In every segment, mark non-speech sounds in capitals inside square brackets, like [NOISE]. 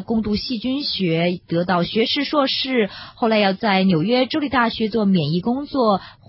攻讀細菌學，得到學士、碩士，後來要在紐約州立大學做免疫工作。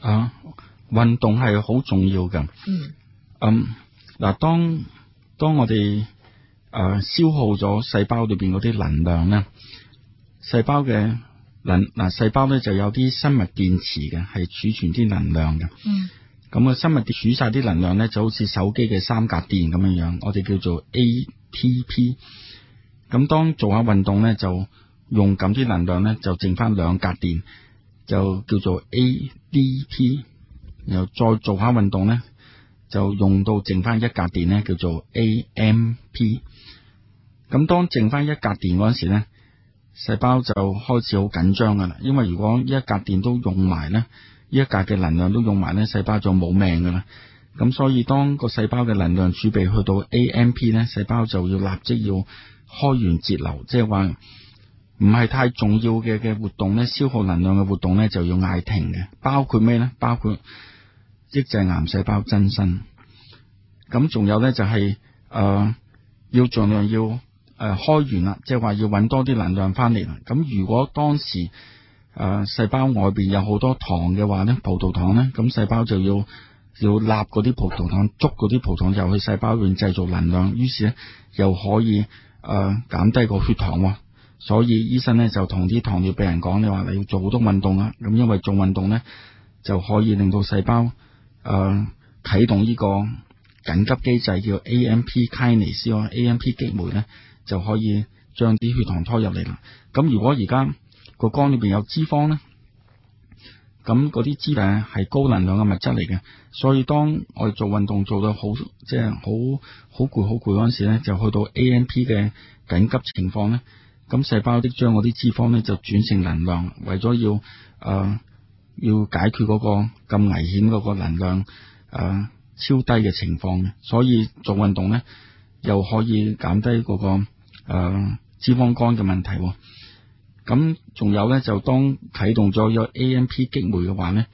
啊，運動係好重要噶。嗯。嗯。嗱，當當我哋誒、呃、消耗咗細胞裏邊嗰啲能量咧，細胞嘅能嗱，細胞、啊、細胞咧就有啲生物電池嘅，係儲存啲能量嘅。嗯。咁啊，生物儲晒啲能量咧，就好似手機嘅三格電咁樣樣，我哋叫做 ATP。咁當做下運動咧，就用咁啲能量咧，就剩翻兩格電。就叫做 ADP，然後再做下運動呢，就用到剩翻一格電呢，叫做 AMP。咁當剩翻一格電嗰陣時咧，細胞就開始好緊張噶啦，因為如果一格電都用埋呢，一格嘅能量都用埋呢，細胞就冇命噶啦。咁所以當個細胞嘅能量儲備去到 AMP 呢，細胞就要立即要開源節流，即係話。唔係太重要嘅嘅活動咧，消耗能量嘅活動咧，就要嗌停嘅。包括咩咧？包括抑制癌細胞增生。咁仲有咧，就係、是、誒、呃、要盡量要誒、呃、開完啦，即係話要搵多啲能量翻嚟啦。咁如果當時誒細、呃、胞外邊有好多糖嘅話咧，葡萄糖咧，咁細胞就要要納嗰啲葡萄糖，捉嗰啲葡萄糖入去細胞裏製造能量，於是咧又可以誒減、呃、低個血糖。所以醫生咧就同啲糖尿病人講，你話你要做好多運動啊。咁因為做運動咧就可以令到細胞誒、呃、啟動呢個緊急機制叫 A M P kinase 啊，A M P 激酶咧就可以將啲血糖拖入嚟啦。咁如果而家個肝裏邊有脂肪咧，咁嗰啲脂肪係高能量嘅物質嚟嘅，所以當我哋做運動做到好即係好好攰好攰嗰陣時咧，就去到 A M P 嘅緊急情況咧。咁細胞的將我啲脂肪咧就轉成能量，為咗要誒、呃、要解決嗰個咁危險嗰個能量誒、呃、超低嘅情況嘅，所以做運動咧又可以減低嗰、嗰個誒、呃、脂肪肝嘅問題喎。咁仲有咧就當啟動咗有 AMP 激酶嘅話咧，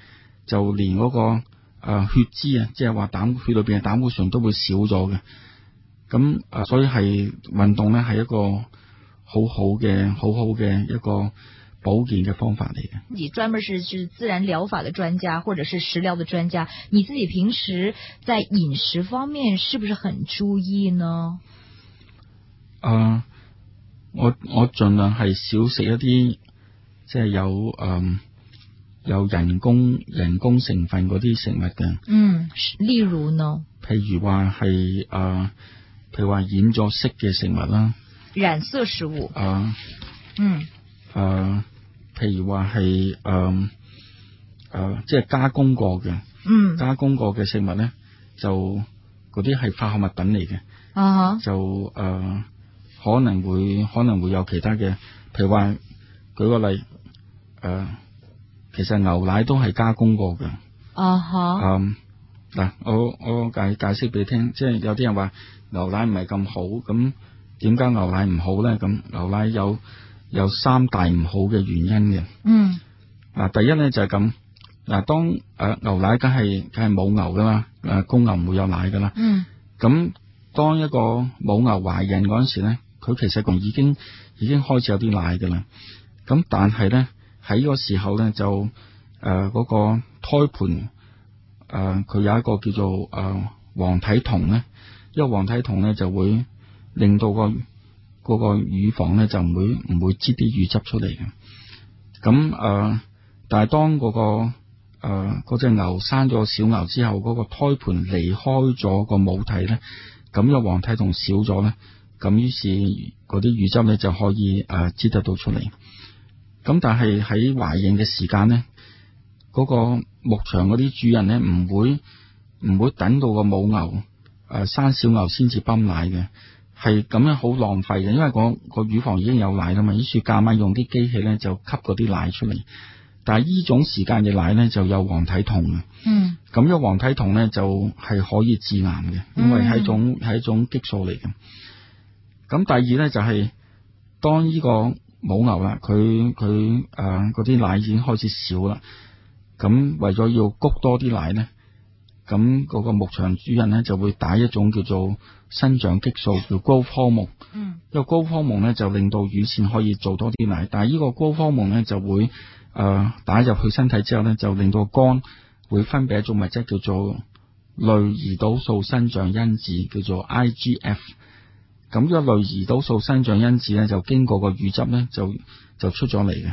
就連嗰、嗰個誒、呃、血脂啊，即係話膽血裏邊嘅膽固醇都會少咗嘅。咁誒，所以係運動咧係一個。好好嘅，好好嘅一個保健嘅方法嚟嘅。你專門是是自然療法的專家，或者是食療的專家，你自己平時在飲食方面是不是很注意呢？啊、呃，我我盡量係少食一啲，即、就、係、是、有嗯、呃、有人工人工成分嗰啲食物嘅。嗯，例如呢？譬如話係啊，譬如話染咗色嘅食物啦。染色食物啊，呃、嗯，誒、呃，譬如話係誒誒，即、呃、係、呃就是、加工過嘅，嗯，加工過嘅食物咧，就嗰啲係化學物品嚟嘅，啊、uh huh. 就誒、呃，可能會可能會有其他嘅，譬如話舉個例，誒、呃，其實牛奶都係加工過嘅，啊哈、uh，嗯，嗱，我我解解釋俾你聽，即、就、係、是、有啲人話牛奶唔係咁好咁。點解牛奶唔好咧？咁牛奶有有三大唔好嘅原因嘅。嗯，嗱，第一咧就係咁，嗱，當誒牛奶沒有牛的，梗係梗係母牛噶嘛，誒公牛唔會有奶噶啦。嗯，咁當一個母牛懷孕嗰陣時咧，佢其實已經已經開始有啲奶噶啦。咁但係咧喺個時候咧就誒嗰、呃那個胎盤誒佢有一個叫做誒黃、呃、體酮咧，因為黃體酮咧就會。令到、那個嗰、那個乳房咧就唔會唔會擠啲乳汁出嚟嘅。咁誒、呃，但係當嗰、那個誒嗰隻牛生咗小牛之後，嗰、那個胎盤離開咗個母體咧，咁、那個黃體同少咗咧，咁於是嗰啲乳汁咧就可以誒擠、呃、得到出嚟。咁但係喺懷孕嘅時間咧，嗰、那個牧場嗰啲主人咧唔會唔會等到個母牛誒、呃、生小牛先至泵奶嘅。係咁樣好浪費嘅，因為個乳房已經有奶啦嘛，於是夾晚用啲機器咧就吸嗰啲奶出嚟。但係呢種時間嘅奶咧就有黃體酮嘅，嗯，咁樣黃體酮咧就係可以致癌嘅，因為係一種係、嗯、一種激素嚟嘅。咁第二咧就係當呢個母牛啦，佢佢誒嗰啲奶已經開始少啦，咁為咗要谷多啲奶咧。咁嗰個牧場主人咧就會打一種叫做生長激素，叫高科目。嗯，因為高科目咧就令到乳腺可以做多啲奶，但係呢個高科目咧就會誒、呃、打入去身體之後咧就令到肝會分泌一種物質叫做類胰島素生長因子，叫做 IGF。咁呢個類胰島素生長因子咧就經過個乳汁咧就就出咗嚟嘅。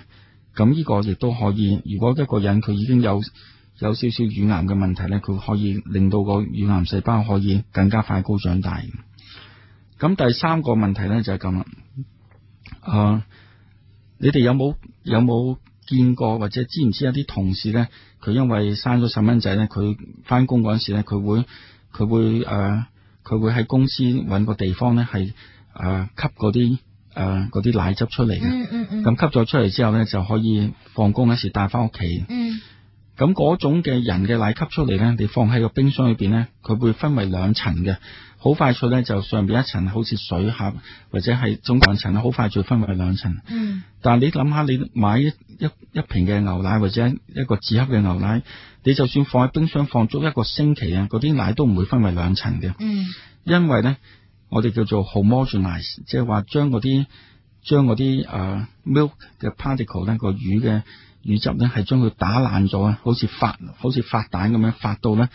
咁呢個亦都可以，如果一個人佢已經有。有少少乳癌嘅問題咧，佢可以令到個乳癌細胞可以更加快高長大。咁第三個問題咧就係咁啦。啊、呃，你哋有冇有冇見過或者知唔知有啲同事咧，佢因為生咗細蚊仔咧，佢翻工嗰時咧，佢會佢會誒，佢、呃、會喺公司搵個地方咧，係、呃、誒吸嗰啲誒啲奶汁出嚟嘅。咁、嗯嗯嗯、吸咗出嚟之後咧，就可以放工嗰時帶翻屋企。嗯。咁嗰種嘅人嘅奶吸出嚟咧，你放喺個冰箱裏邊咧，佢會分為兩層嘅，好快脆咧就上邊一層好似水盒或者係總共層咧，好快脆分為兩層。嗯。但係你諗下，你買一一一瓶嘅牛奶或者一個紙盒嘅牛奶，你就算放喺冰箱放足一個星期啊，嗰啲奶都唔會分為兩層嘅。嗯。因為咧，我哋叫做 homogenize 即係話將嗰啲將嗰啲誒 milk 嘅 particle 咧個魚嘅。乳汁咧係將佢打爛咗啊，好似發好似發蛋咁樣發到咧，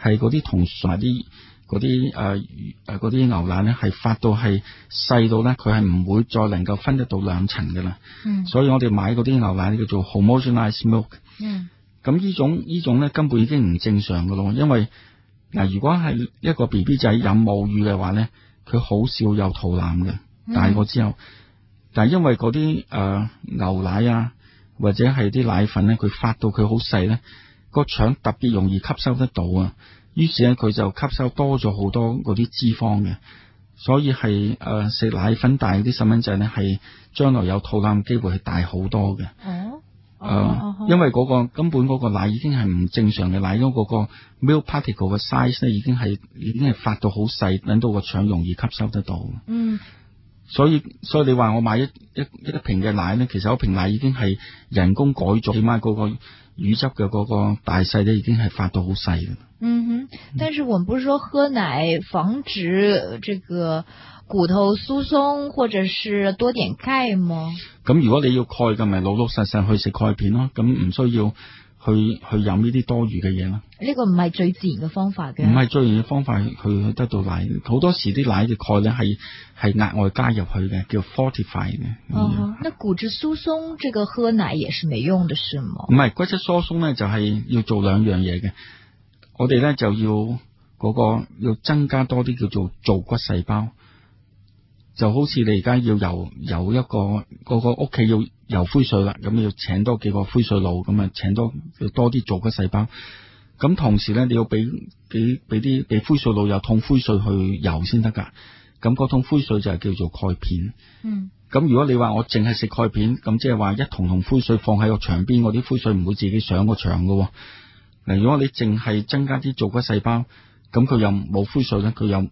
係嗰啲同埋啲嗰啲誒誒嗰啲牛奶咧係發到係細到咧佢係唔會再能夠分得到兩層噶啦。嗯，所以我哋買嗰啲牛奶叫做 homogenized milk。嗯，咁呢種,種呢種咧根本已經唔正常噶咯，因為嗱、呃、如果係一個 B B 仔飲母乳嘅話咧，佢好少有吐奶嘅。大個之後，嗯、但係因為嗰啲誒牛奶啊。或者係啲奶粉咧，佢發到佢好細咧，個腸特別容易吸收得到啊。於是咧，佢就吸收多咗好多嗰啲脂肪嘅。所以係誒食奶粉大啲細蚊仔咧，係將來有肚腩機會係大好多嘅。哦，誒，因為嗰個根本嗰個奶已經係唔正常嘅奶，因為嗰個 milk particle 嘅 size 咧已經係已經係發到好細，令到個腸容易吸收得到。嗯。所以所以你話我買一一一瓶嘅奶咧，其實我瓶奶已經係人工改造，起碼嗰個乳汁嘅嗰個大細咧已經係發到好細嘅。嗯哼，但是我唔係說喝奶防止這個骨頭疏鬆，或者是多點鈣嗎？咁如果你要鈣嘅，咪老老實實去食鈣片咯，咁唔需要。去去飲呢啲多餘嘅嘢啦，呢個唔係最自然嘅方法嘅，唔係最自然嘅方法去去得到奶，好多時啲奶嘅鈣咧係係額外加入去嘅，叫 fortify 嘅。哦、啊，那骨質疏鬆，這個喝奶也是沒用的，是嗎？唔係，骨質疏鬆呢，就係、是、要做兩樣嘢嘅，我哋呢，就要嗰、那個要增加多啲叫做做骨細胞，就好似你而家要有有一個嗰、那個屋企要。游灰水啦，咁你要請多幾個灰水佬，咁啊請多要多啲做骨細胞。咁同時咧，你要俾俾俾啲俾灰水佬有桶灰水去游先得噶。咁嗰桶灰水就係叫做鈣片。嗯。咁如果你話我淨係食鈣片，咁即係話一桶桶灰水放喺個牆邊，我啲灰水唔會自己上個牆噶喎。嗱，如果你淨係增加啲做骨細胞，咁佢又冇灰水咧，佢又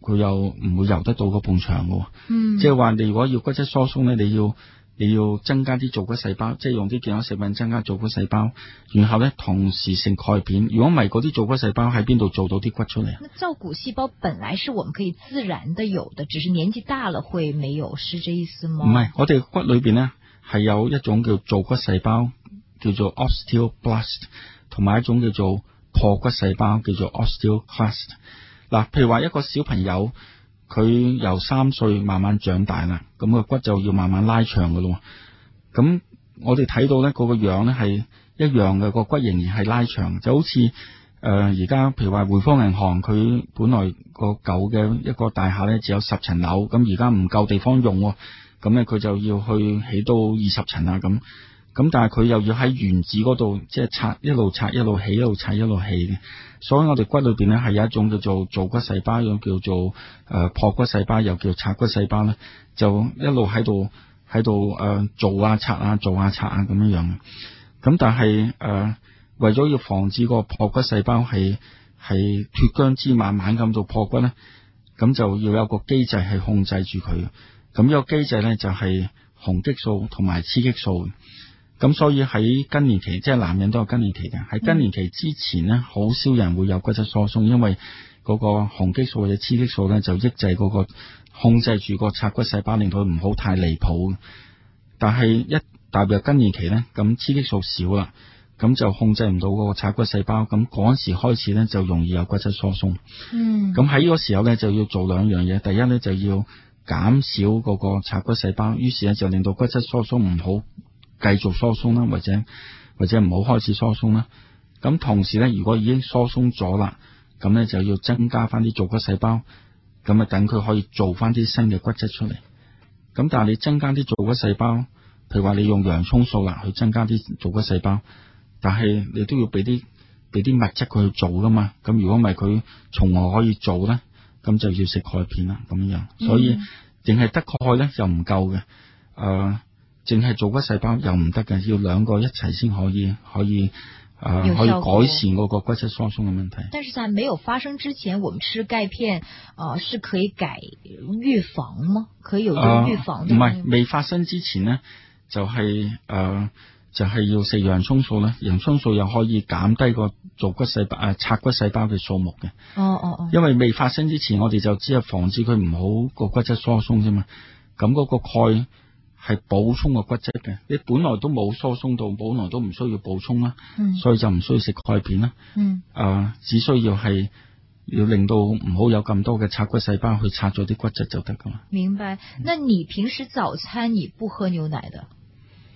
佢又唔會游得到個埲牆噶。嗯。即係話你如果要骨質疏鬆咧，你要。你要增加啲造骨細胞，即係用啲健康食品增加造骨細胞，然後咧同時性鈣片。如果唔係，嗰啲造骨細胞喺邊度做到啲骨出嚟啊？咁造骨細胞本來是我們可以自然的有的，只是年紀大了會沒有，是這意思嗎？唔係，我哋骨裏邊咧係有一種叫做造骨細胞，叫做 osteoblast，同埋一種叫做破骨細胞，叫做 osteoclast。嗱，譬如話一個小朋友。佢由三歲慢慢長大啦，咁個骨就要慢慢拉長噶咯。咁我哋睇到呢嗰、嗰個樣呢，係一樣嘅，個骨仍然係拉長，就好似誒而家，呃、譬如話匯豐銀行，佢本來個舊嘅一個大廈呢，只有十層樓，咁而家唔夠地方用，哦，咁呢，佢就要去起到二十層啦咁。咁但係佢又要喺原子嗰度，即、就、係、是、拆一路拆一路起，一路拆一路起嘅。所以我哋骨裏邊咧係有一種叫做造骨細胞，一種叫做誒破骨細胞，又叫，做、呃、骨細又叫做拆骨細胞咧，就一路喺度喺度誒呀、啊拆啊做啊拆啊咁樣、啊啊、樣。咁但係誒、呃、為咗要防止個破骨細胞係係脫韁之馬慢慢咁到破骨咧，咁就要有個機制係控制住佢。咁呢個機制咧就係、是、雄激素同埋雌激素。咁所以喺更年期，即係男人都有更年期嘅。喺更年期之前咧，好少人會有骨質疏鬆，因為嗰個雄激素或者雌激素咧就抑制嗰個控制住個拆骨細胞，令到佢唔好太離譜。但係一踏入更年期咧，咁雌激素少啦，咁就控制唔到嗰個拆骨細胞，咁嗰時開始咧就容易有骨質疏鬆。嗯，咁喺呢個時候咧就要做兩樣嘢，第一咧就要減少嗰個拆骨細胞，於是咧就令到骨質疏鬆唔好。繼續疏鬆啦，或者或者唔好開始疏鬆啦。咁同時咧，如果已經疏鬆咗啦，咁咧就要增加翻啲造骨細胞，咁啊等佢可以做翻啲新嘅骨質出嚟。咁但係你增加啲造骨細胞，譬如話你用洋葱素啦去增加啲造骨細胞，但係你都要俾啲俾啲物質佢去做噶嘛。咁如果唔係佢從何可以做咧？咁就要食鈣片啦。咁樣，所以淨係、嗯、得鈣咧又唔夠嘅。誒、呃。淨係做骨細胞又唔得嘅，要兩個一齊先可以，可以，誒、呃，可以改善嗰個骨質疏鬆嘅問題。但是在沒有發生之前，我們吃鈣片，啊、呃，是可以改預防嗎？可以有預防的嗎？唔係、呃，未發生之前呢就係，誒，就係、是呃就是、要食洋蔥素咧，洋蔥素又可以減低個做骨細胞，誒、呃，拆骨細胞嘅數目嘅。哦哦哦。因為未發生之前，我哋就只係防止佢唔好個骨質疏鬆啫嘛。咁個鈣。係補充個骨質嘅，你本來都冇疏鬆到，本來都唔需要補充啦，嗯、所以就唔需要食鈣片啦。嗯、啊、呃，只需要係要令到唔好有咁多嘅拆骨細胞去拆咗啲骨質就得噶啦。明白？那你平時早餐你不喝牛奶的，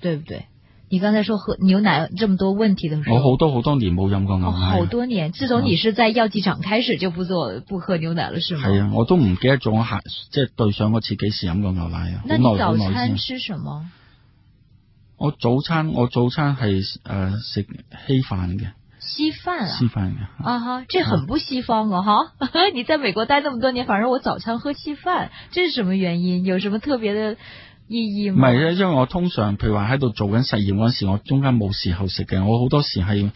對不對？你剛才說喝牛奶這麼多問題的時候，我好多好多年冇飲過牛奶，哦。好多年，自從你是在藥劑廠開始就不做不喝牛奶了，是嗎？係啊，我都唔記得咗我下即係對上嗰次幾時飲過牛奶啊？那你早餐吃什麼？我早餐我早餐係誒食稀飯嘅。稀飯啊？稀飯嘅啊哈，uh、huh, 這很不西方哦，啊、哈！Uh huh、 [LAUGHS] 你在美國待那麼多年，反而我早餐喝稀飯，這是什麼原因？有什麼特別的？意義唔係啊，因為我通常，譬如話喺度做緊實驗嗰陣時候，我中間冇時候食嘅，我好多時係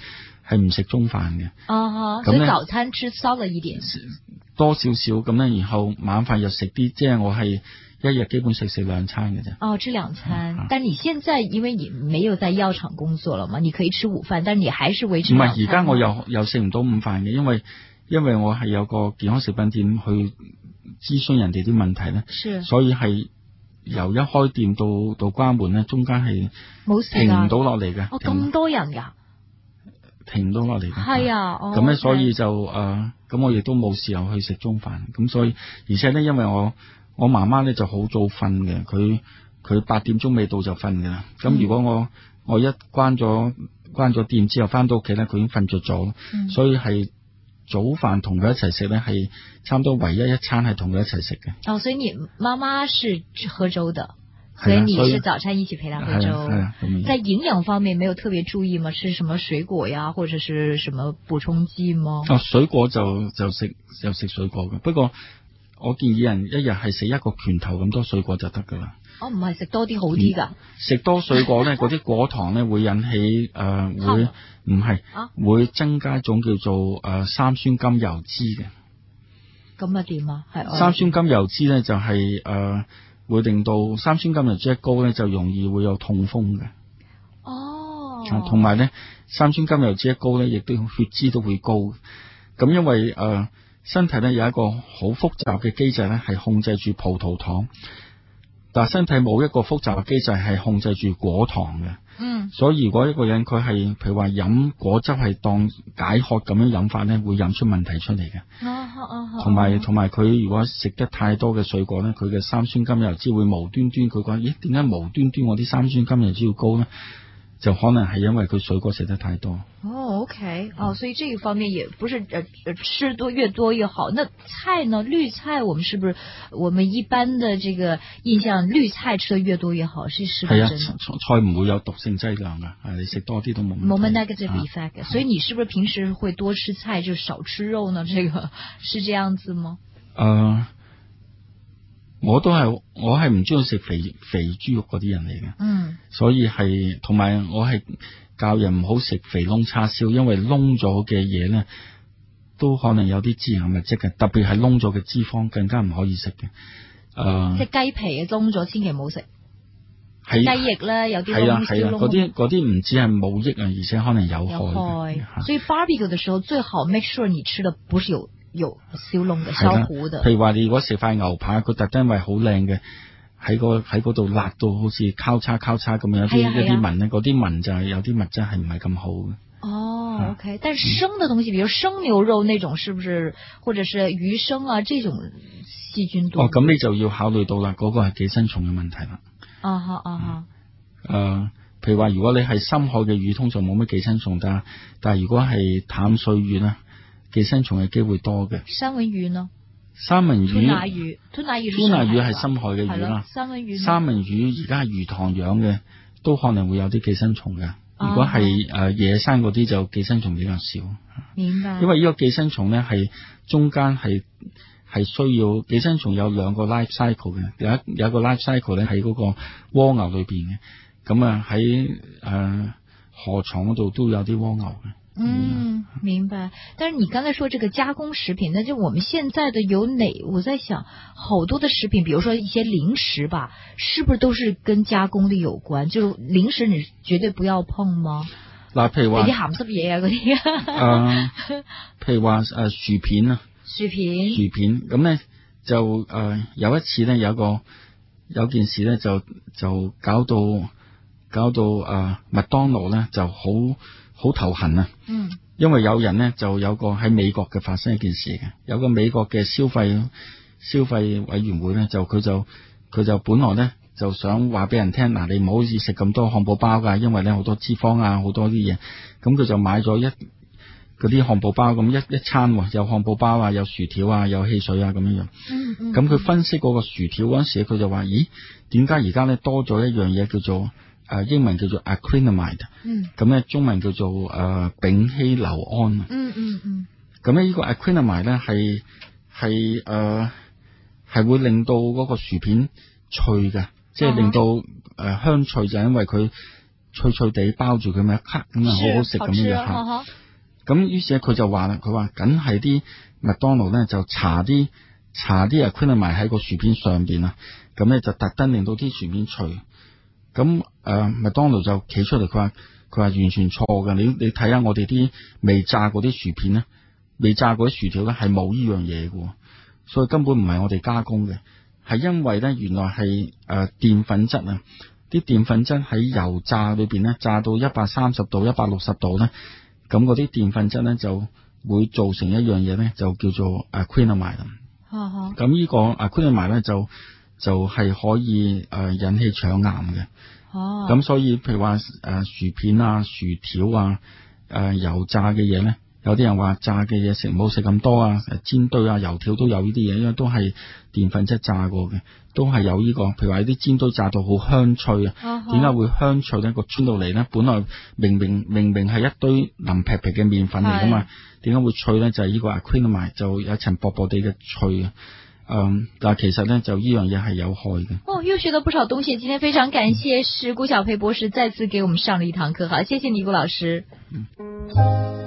係唔食中飯嘅。哦、啊哈，即樣早餐吃少咗一點，多少少咁咧，然後晚飯又食啲，即係我係一日基本食食兩餐嘅啫。哦，吃兩餐，嗯、但你現在因為你沒有在藥廠工作了嘛，你可以吃午飯，但你還是維持。唔係，而家我又又食唔到午飯嘅，因為因為我係有個健康食品店去諮詢人哋啲問題呢，是所以係。由一開店到到關門咧，中間係冇停唔到落嚟嘅。啊、哦，咁多人噶，停唔到落嚟嘅係啊。咁咧，所以就誒，咁、呃、我亦都冇時候去食中飯。咁所以而且咧，因為我我媽媽咧就好早瞓嘅，佢佢八點鐘未到就瞓噶啦。咁如果我、嗯、我一關咗關咗店之後翻到屋企咧，佢已經瞓着咗，嗯、所以係。早飯同佢一齊食咧，係差唔多唯一一餐係同佢一齊食嘅。哦，所以你媽媽是喝粥的，所以你是早餐一起陪佢喝粥。咁、啊。在營養方面沒有特別注意嗎？吃什麼水果呀，或者是什麼補充劑嗎？哦，水果就就食就食水果嘅，不過。我建議人一日係食一個拳頭咁多水果就得噶啦。我唔係食多啲好啲噶？食、嗯、多水果咧，嗰啲 [LAUGHS] 果糖咧會引起誒、呃，會唔係？哈是啊，會增加一種叫做誒、呃、三酸甘油酯嘅。咁啊點啊？係三酸甘油酯咧就係、是、誒、呃、會令到三酸甘油酯一高咧就容易會有痛風嘅。哦。同埋咧，三酸甘油酯一高咧，亦都血脂都會高。咁因為誒。呃身體咧有一個好複雜嘅機制咧，係控制住葡萄糖，但係身體冇一個複雜嘅機制係控制住果糖嘅。嗯，所以如果一個人佢係譬如話飲果汁係當解渴咁樣飲法咧，會飲出問題出嚟嘅。哦，哦，同埋同埋佢如果食得太多嘅水果咧，佢嘅三酸甘油酯會無端端，佢講咦，欸、點解無端端我啲三酸甘油酯要高呢？就可能係因為佢水果食得太多。哦，OK，哦，所以這一方面也不是，誒，吃多越多越好。那菜呢？綠菜我們是不是，我們一般的這個印象，綠菜吃得越多越好，是是。係啊。菜唔會有毒性劑量的，你食多啲都冇。Momentum effect，所以你是不是平時會多吃菜，就少吃肉呢？這個是這樣子嗎？啊。我都係，我係唔中意食肥肥豬肉嗰啲人嚟嘅，嗯，所以係同埋我係教人唔好食肥㶶叉燒，因為㶶咗嘅嘢咧都可能有啲致癌物質嘅，特別係㶶咗嘅脂肪更加唔可以食嘅。誒、呃，即係雞皮啊，㶶咗，千祈唔好食。係雞翼咧，有啲㶶，係啊係啊，嗰啲嗰啲唔止係冇益啊，而且可能有害。有害啊，所以 barbecue 嘅時候最好 make sure 你吃得不是有。肉小籠嘅燒虎度，譬如話你如果食塊牛扒，佢特登係好靚嘅，喺個喺嗰度辣到好似交叉交叉咁樣，有啲有啲紋咧，嗰啲紋就係有啲物質係唔係咁好嘅。哦，OK，、啊、但係生嘅東西，嗯、比如生牛肉那種，是不是，或者是魚生啊？這種細菌多。哦，咁你就要考慮到啦，嗰、那個係寄生蟲嘅問題啦。哦，哈哦，哈。誒，譬如話如果你係深海嘅魚，通常冇乜寄生蟲㗎，但係如果係淡水魚咧寄生蟲嘅機會多嘅，三文魚咯，三文魚，吞拿魚，吞拿魚係深海嘅魚啦，三文魚，三文魚而家係魚塘養嘅，都可能會有啲寄生蟲嘅。哦、如果係野生嗰啲，就寄生蟲比較少。點解？因為呢個寄生蟲呢，係中間係需要寄生蟲有兩個 life cycle 嘅，有一有一個 life cycle 咧喺嗰個蝸牛裏面嘅，咁啊喺河牀嗰度都有啲蝸牛嘅。嗯，明白。但是你剛才說這個加工食品，那就我們現在的有哪？我在想，好多的食品，比如說一些零食吧，是不是都是跟加工的有關？就零食，你絕對不要碰嗎？譬如話，啊，有啲鹹濕嘢啊，嗰啲啊 [LAUGHS] ，啊，譬如話，呃，薯片啊，薯片，薯片。咁呢，就呃有一次呢，有一個有件事呢，就就搞到搞到啊，麥當勞呢就好。好頭痕啊！嗯，因為有人呢就有個喺美國嘅發生一件事嘅，有個美國嘅消費消費委員會呢，就佢就佢就本來呢就想話俾人聽嗱、啊，你唔好意食咁多漢堡包噶，因為呢好多脂肪啊，好多啲嘢。咁佢就買咗一嗰啲漢堡包咁一一餐，有漢堡包啊，有薯條啊，有汽水啊咁樣樣。咁佢、嗯嗯、分析嗰個薯條嗰陣時，佢就話：咦，點解而家呢多咗一樣嘢叫做？啊，英文叫做 aquenamide，咁咧、嗯、中文叫做啊、呃、丙烯硫胺。嗯嗯嗯。咁咧呢個 aquenamide 咧係係誒係會令到嗰個薯片脆嘅，即係令到誒、嗯呃、香脆，就係、因為佢脆脆地包住佢咪一黑，咁吃啊，好好食咁樣樣。咁於、嗯、是咧佢就話啦，佢話緊係啲麥當勞咧就搽啲搽啲 aquinamide 喺個薯片上面啦，咁咧就特登令到啲薯片脆。咁，誒，麥當勞就企出嚟，佢話佢話完全錯嘅。你你睇下我哋啲未炸嗰啲薯片咧，未炸嗰啲薯條咧，係冇呢樣嘢喎。」所以根本唔係我哋加工嘅。係因為咧，原來係誒澱粉質啊，啲澱粉質喺油炸裏面咧，炸到一百三十度、一百六十度咧，咁嗰啲澱粉質咧就會造成一樣嘢咧，就叫做 acrylamide 啦。咁呢個 acrylamide 咧就。就係可以誒、呃、引起腸癌嘅哦，咁、oh. 所以譬如話誒、呃、薯片啊薯條啊誒、呃、油炸嘅嘢咧，有啲人話炸嘅嘢食唔好食咁多啊，煎堆啊油條都有呢啲嘢，因為都係澱粉質炸過嘅，都係有呢、這個。譬如話啲煎堆炸到好香脆啊，點解、oh. 會香脆咧？個穿到嚟咧，本來明明明明係一堆腍皮皮嘅麵粉嚟噶嘛，點解 Yes.、啊、會脆咧？就係、是、呢個 acrylamide 同埋就有一層薄薄地嘅脆啊。嗯，但其實呢，就呢樣嘢係有害嘅。哦，又學到不少東西，今天非常感謝是顧小培博士再次給我們上了一堂課，好，謝謝你，顧老師。嗯